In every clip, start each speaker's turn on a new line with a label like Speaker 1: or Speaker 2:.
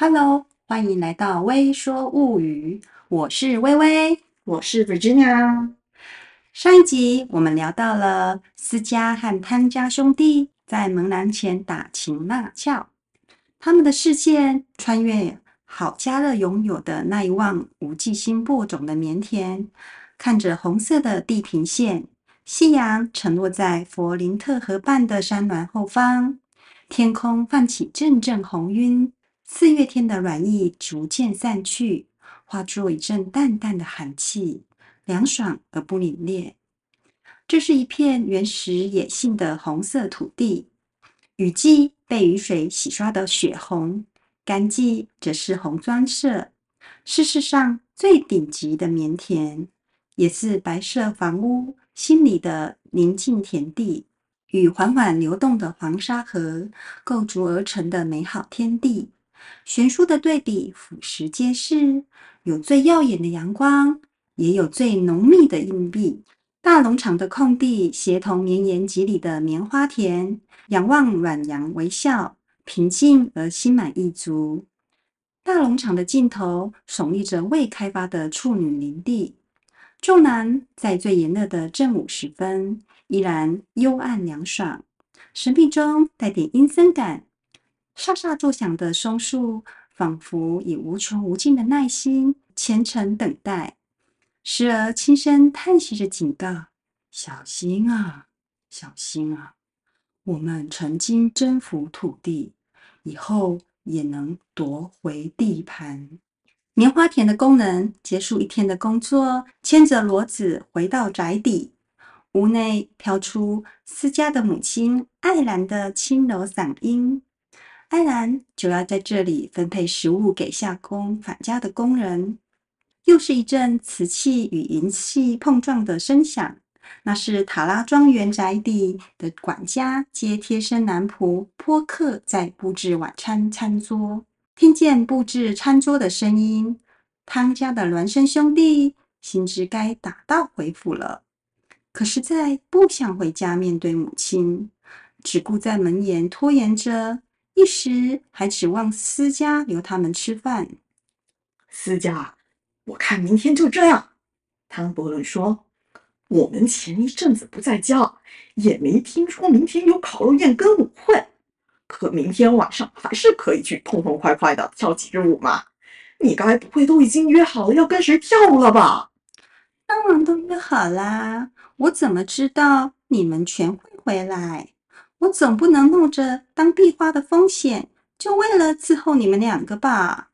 Speaker 1: Hello，歡迎來到《微說物語》，我是微微，我是 Virginia。上一集我們聊到了斯嘉和湯家兄弟在門廊前打情罵俏，他們的視線穿越好家樂擁有的那一望無際新播種的棉田，看着紅色的地平線，夕陽沉落在佛林特河畔的山巒後方，天空泛起陣陣紅暈。四月天的暖意逐漸散去，化作一陣淡淡的寒氣，涼爽而不凜冽。這是一片原始野性的紅色土地，雨季被雨水洗刷的血紅，乾季則是紅磚色。是世上最頂級的棉田，也是白色房屋、心裡的寧靜田地與緩緩流動的黃沙河構築而成的美好天地。懸殊的對比，俯拾皆是，有最耀眼的陽光，也有最濃密的蔭蔽。大農場的空地，協同綿延幾里的棉花田，仰望暖陽微笑，平靜而心滿意足。大農場的盡頭，聳立着未開發的處女林地，縱然在最炎熱的正午時分，依然幽暗涼爽，神秘中帶點陰森感。沙沙作響的松樹，仿彿以無窮無盡的耐心虔誠等待，時而輕聲嘆息着警告：“小心啊，小心啊！”我們曾經征服土地，以後也能奪回地盤。棉花田的工人結束一天的工作，牽着騾子回到宅邸，屋內飄出思嘉的母親艾蘭的輕柔嗓音。艾蘭就要在這裡分配食物給下工返家的工人。又是一陣瓷器與銀器碰撞的聲響，那是塔拉莊園宅邸的管家兼貼身男僕波克在布置晚餐餐桌。聽見布置餐桌的聲音，湯家的孿生兄弟心知該打道回府了，可實在不想回家面對母親，只顧在門沿拖延着。一時還指望思嘉留他們吃飯。思嘉，我看明天就這樣。
Speaker 2: 湯伯倫說：“我們前一陣子不在家，也沒聽說明天有烤肉宴跟舞會。可明天晚上還是可以去痛痛快快的
Speaker 1: 跳幾支舞嘛？你該不會都已經約好了要跟誰跳了吧？”嗯，當然都約好啦，我怎麼知道你們全會回來？我總不能冒着當壁花的風險，就為了伺候你們兩個吧！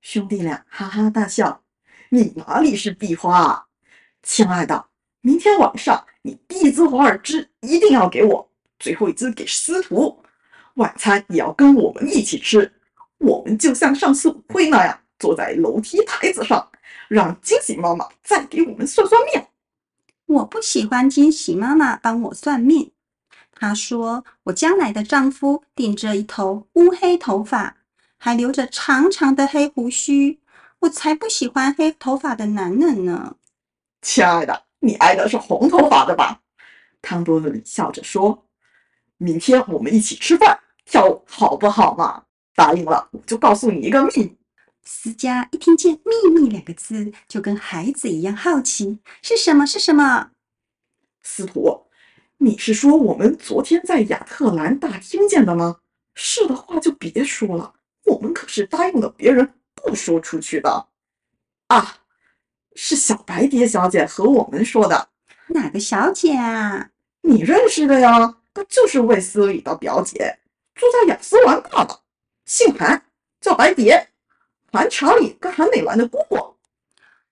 Speaker 1: 兄弟倆哈哈大笑。你哪裡是壁花？
Speaker 2: 親愛的，明天晚上你一支華爾茲一定要給我，最後一支給司徒。晚餐也要跟我們一起吃。我們就
Speaker 1: 像上次舞會那樣，坐在樓梯台子上，讓驚喜媽媽再給我們算算命。我不喜歡驚喜媽媽幫我算命。她說：“我將來的丈夫頂着一頭烏黑頭髮，還留着長長的黑鬍鬚，我才不喜歡黑頭髮的男人呢。”
Speaker 2: 親愛的，你愛的是紅頭髮的吧？湯多倫笑着說：“明天我們一起吃飯跳舞，好不好嘛？”答應了，我就告訴你
Speaker 1: 一個秘密。嗯，斯嘉一聽見“秘密”兩個字，就跟孩子一樣好奇：“是什麼？是什麼？”司徒。你是說我們昨天
Speaker 2: 在亞特蘭大聽見的嗎？是的話就別說了，我們可是答應了別人不說出去的。啊，是小白蝶小姐和我們說的。哪個小姐啊？你認識的呀？她就是魏思雨的表姐，住在雅思蘭大的，姓韓，叫白
Speaker 1: 蝶，韓朝里跟韓美蘭的姑姑。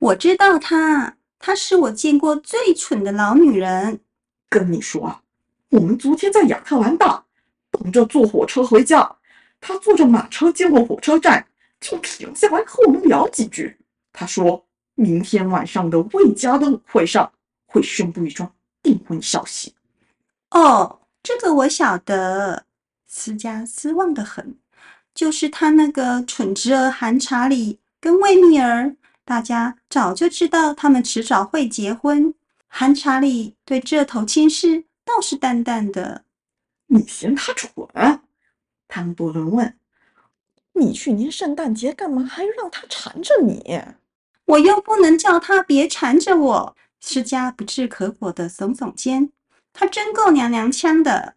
Speaker 1: 我知道她，她是我見過最蠢的老女人。跟你說啊，我們昨天在亞特蘭大等着坐火車回家，他坐着馬車經過火車站
Speaker 2: 就停下來和我們聊幾句。他說，明天晚上的魏家的舞會上會宣布一樁訂婚消息。
Speaker 1: 哦，這個我曉得，思佳失望得很。就是他那個蠢侄兒韓查理跟魏蜜兒，大家早就知道他們遲早會結婚。韓查理對這頭親事倒是淡淡的。你嫌他蠢？湯伯倫問。你去年聖誕節幹嘛還讓他纏着你？我又不能叫他別纏着我。施加不置可否的聳聳肩。他真夠娘娘腔的。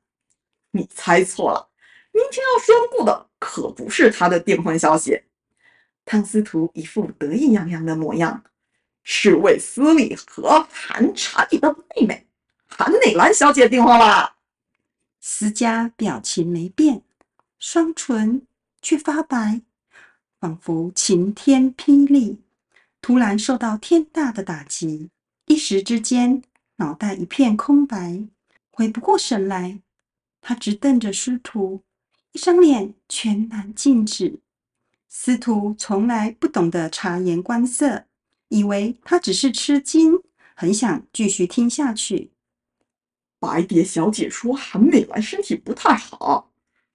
Speaker 1: 你猜錯了。明天要宣布的可不是他的訂婚消
Speaker 2: 息。湯斯圖一副得意洋洋的模樣。是衛斯理和韓查理的妹妹韓美蘭小姐訂婚啦，
Speaker 1: 思佳表情沒變，雙唇卻發白，仿佛晴天霹靂，突然受到天大的打擊，一時之間腦袋一片空白，回不過神來。他直瞪着司徒，一張臉全然靜止。司徒從來不懂得察言觀色。以為他只是吃驚，很想繼續聽下去。白蝶小姐說，韓美
Speaker 2: 蘭身體不太好，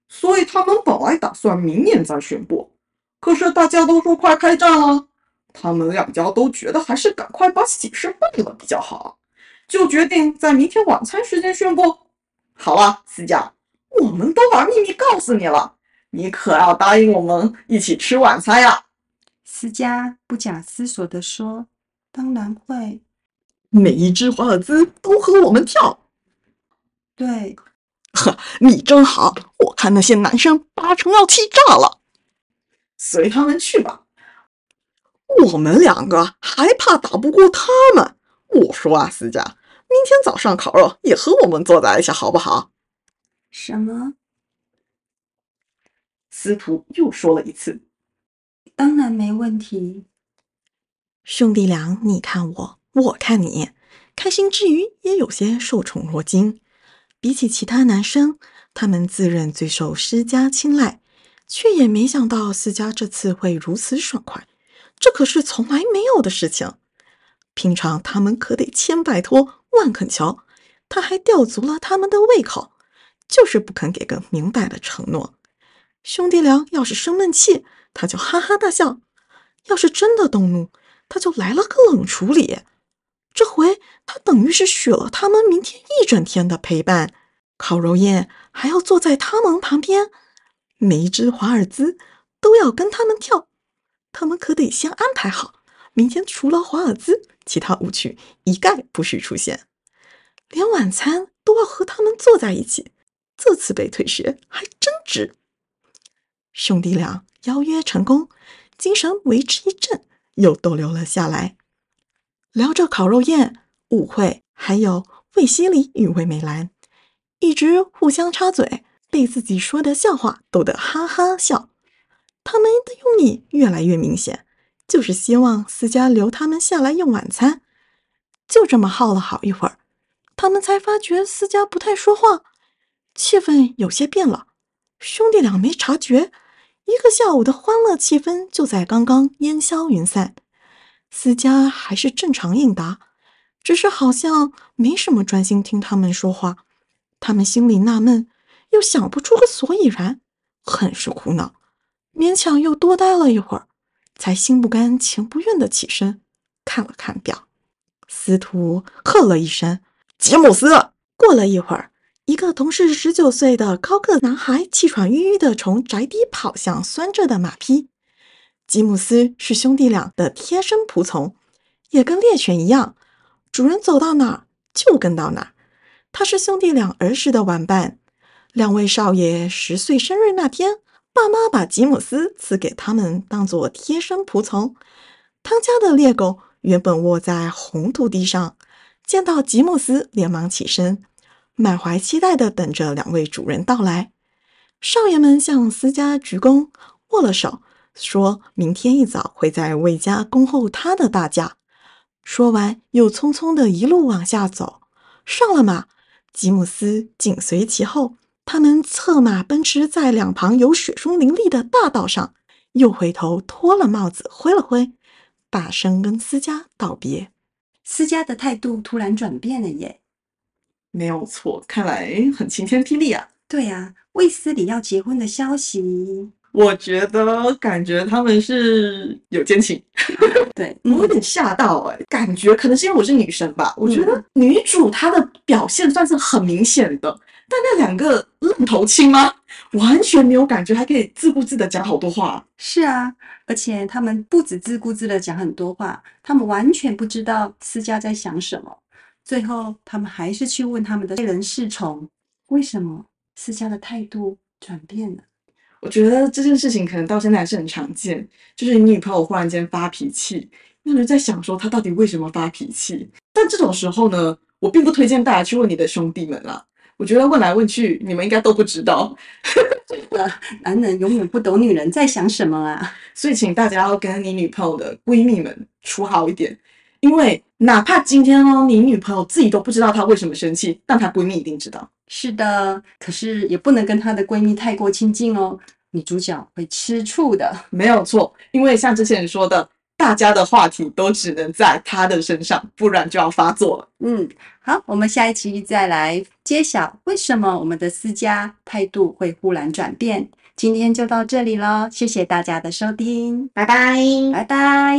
Speaker 2: 所以他們本來打算明年再宣布。可是大家都說快開戰了、啊，他們兩家都覺得還是趕快把喜事辦了比較好，就決定在明天晚餐時間宣布。好了，
Speaker 1: 思佳，我們都把秘密告訴你了，你可要答應我們一起吃晚餐呀，啊！思佳不假思索地說：“當然會，
Speaker 2: 每一隻華
Speaker 1: 爾茲都和我們跳。”“對，
Speaker 2: 呵，你真好，我看那些男生八成要氣炸了。”“隨他們去吧，我們兩個還怕打不過他們？”“我說啊，思佳，明天早上烤肉也和我們坐在一起好不好？”“什麼？”司徒又說了一次。當然
Speaker 1: 沒問題。
Speaker 2: 兄弟倆，你看我，我看你，開心之餘也有些受寵若驚。比起其他男生，他們自認最受施家青睞，卻也沒想到施家這次會如此爽快，這可是從來沒有的事情。平常他們可得千拜托萬懇求，他還吊足了他們的胃口，就是不肯給個明白的承諾。兄弟倆要是生悶氣。他就哈哈大笑。要是真的動怒，他就來了個冷處理。這回他等於是許了他們明天一整天的陪伴，烤肉宴還要坐在他們旁邊，每一只華爾茲都要跟他們跳。他們可得先安排好，明天除了華爾茲，其他舞曲一概不許出現，連晚餐都要和他們坐在一起。這次被退學還真值。兄弟倆。邀約成功，精神為之一振，又逗留了下來，聊着烤肉宴、舞會，還有魏希禮與魏美蘭，一直互相插嘴，被自己說的笑話逗得哈哈笑。他們的用意越來越明顯，就是希望思嘉留他們下來用晚餐。就這麼耗了好一會兒，他們才發覺思嘉不太說話，氣氛有些變了。兄弟倆沒察覺。一個下午的歡樂氣氛就在剛剛煙消雲散。思嘉還是正常應答，只是好像沒什麼專心聽他們說話。他們心裡納悶，又想不出個所以然，很是苦惱，勉強又多待了一會兒，才心不甘情不願的起身，看了看錶。司徒喝了一聲：“吉姆斯。”過了一會兒。一個同是十九歲的高個男孩氣喘吁吁地從宅邸跑向拴着的馬匹。吉姆斯是兄弟倆的貼身僕從，也跟獵犬一樣，主人走到哪兒就跟到哪兒。他是兄弟倆兒時的玩伴。兩位少爺十歲生日那天，爸媽把吉姆斯賜給他們當做貼身僕從。湯家的獵狗原本臥在紅土地上，見到吉姆斯連忙起身。滿懷期待地等着兩位主人到來。少爺們向思嘉鞠躬，握了手，說明天一早會在魏家恭候他的大駕。說完，又匆匆地一路往下走。上了馬，吉姆斯緊隨其後。他們策馬奔馳在兩旁有雪松林立的大道上，又回頭脫了帽子，揮了揮，大聲跟思嘉道別。思嘉
Speaker 1: 的態度突然轉變了耶。沒有錯，看來很晴天霹靂啊！對呀、啊，衛斯理要結婚的消息，我覺得感覺
Speaker 2: 他們是有奸情。 對，嗯、我有點嚇到哎、欸，感覺可能是因為我是女生吧。我覺得女主她的表現算是很明顯的，嗯、但那兩個愣頭青嗎？完全沒有感覺，還可以自顧自的講好多話。
Speaker 1: 是啊，而且他們不止自顧自的講很多話，他們完全不知道私家在想什麼。最後，他們還是去問他們的愛人侍從，為什麼私下的態度轉變了？我覺得這件事情可能到現在還是很常見，
Speaker 2: 就是你女朋友忽然間發脾氣，那人在想說她到底為什麼發脾氣。但這種時候呢，我並不推薦大家去問你的兄弟們了。我覺得問來問去，你們應該都不知道。真的，男人永遠不懂女人在想什麼啊！ 所以，請大家要跟你女朋友的閨蜜們處好一點。因為哪怕今
Speaker 1: 天哦，你女朋友自己都不知道她為什麼生氣，但她閨蜜一定知道。是的，可是也不能跟她的閨蜜太過親近哦，女主角會吃醋的。沒有
Speaker 2: 錯，因為像之前說的，大家的話題都只能在她的身上，不然就要發
Speaker 1: 作了。嗯，好，我們下一期再來揭曉為什麼我們的私家態度會忽然轉變。今天就到這裡嘍，謝謝大家的收聽，拜拜，拜拜。